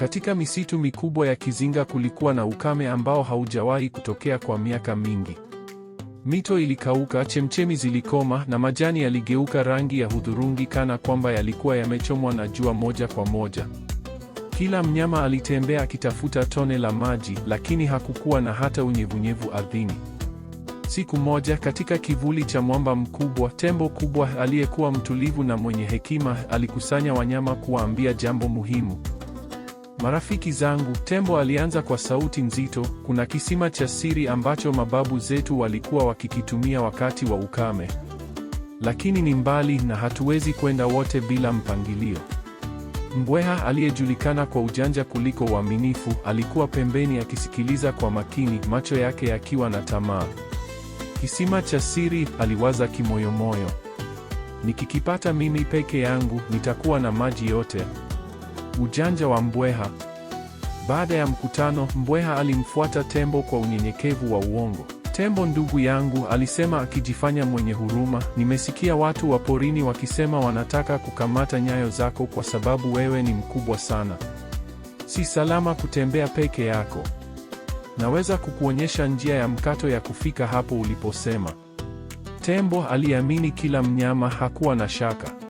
Katika misitu mikubwa ya Kizinga kulikuwa na ukame ambao haujawahi kutokea kwa miaka mingi. Mito ilikauka, chemchemi zilikoma na majani yaligeuka rangi ya hudhurungi kana kwamba yalikuwa yamechomwa na jua moja kwa moja. Kila mnyama alitembea akitafuta tone la maji, lakini hakukuwa na hata unyevunyevu ardhini. Siku moja, katika kivuli cha mwamba mkubwa, tembo kubwa aliyekuwa mtulivu na mwenye hekima alikusanya wanyama kuwaambia jambo muhimu. Marafiki zangu, tembo alianza kwa sauti nzito, kuna kisima cha siri ambacho mababu zetu walikuwa wakikitumia wakati wa ukame, lakini ni mbali na hatuwezi kwenda wote bila mpangilio. Mbweha aliyejulikana kwa ujanja kuliko uaminifu alikuwa pembeni akisikiliza kwa makini, macho yake yakiwa na tamaa. Kisima cha siri, aliwaza kimoyomoyo, nikikipata mimi peke yangu nitakuwa na maji yote. Ujanja wa mbweha. Baada ya mkutano, mbweha alimfuata tembo kwa unyenyekevu wa uongo. Tembo ndugu yangu, alisema akijifanya mwenye huruma, nimesikia watu wa porini wakisema wanataka kukamata nyayo zako kwa sababu wewe ni mkubwa sana. Si salama kutembea peke yako. Naweza kukuonyesha njia ya mkato ya kufika hapo uliposema. Tembo aliamini kila mnyama, hakuwa na shaka.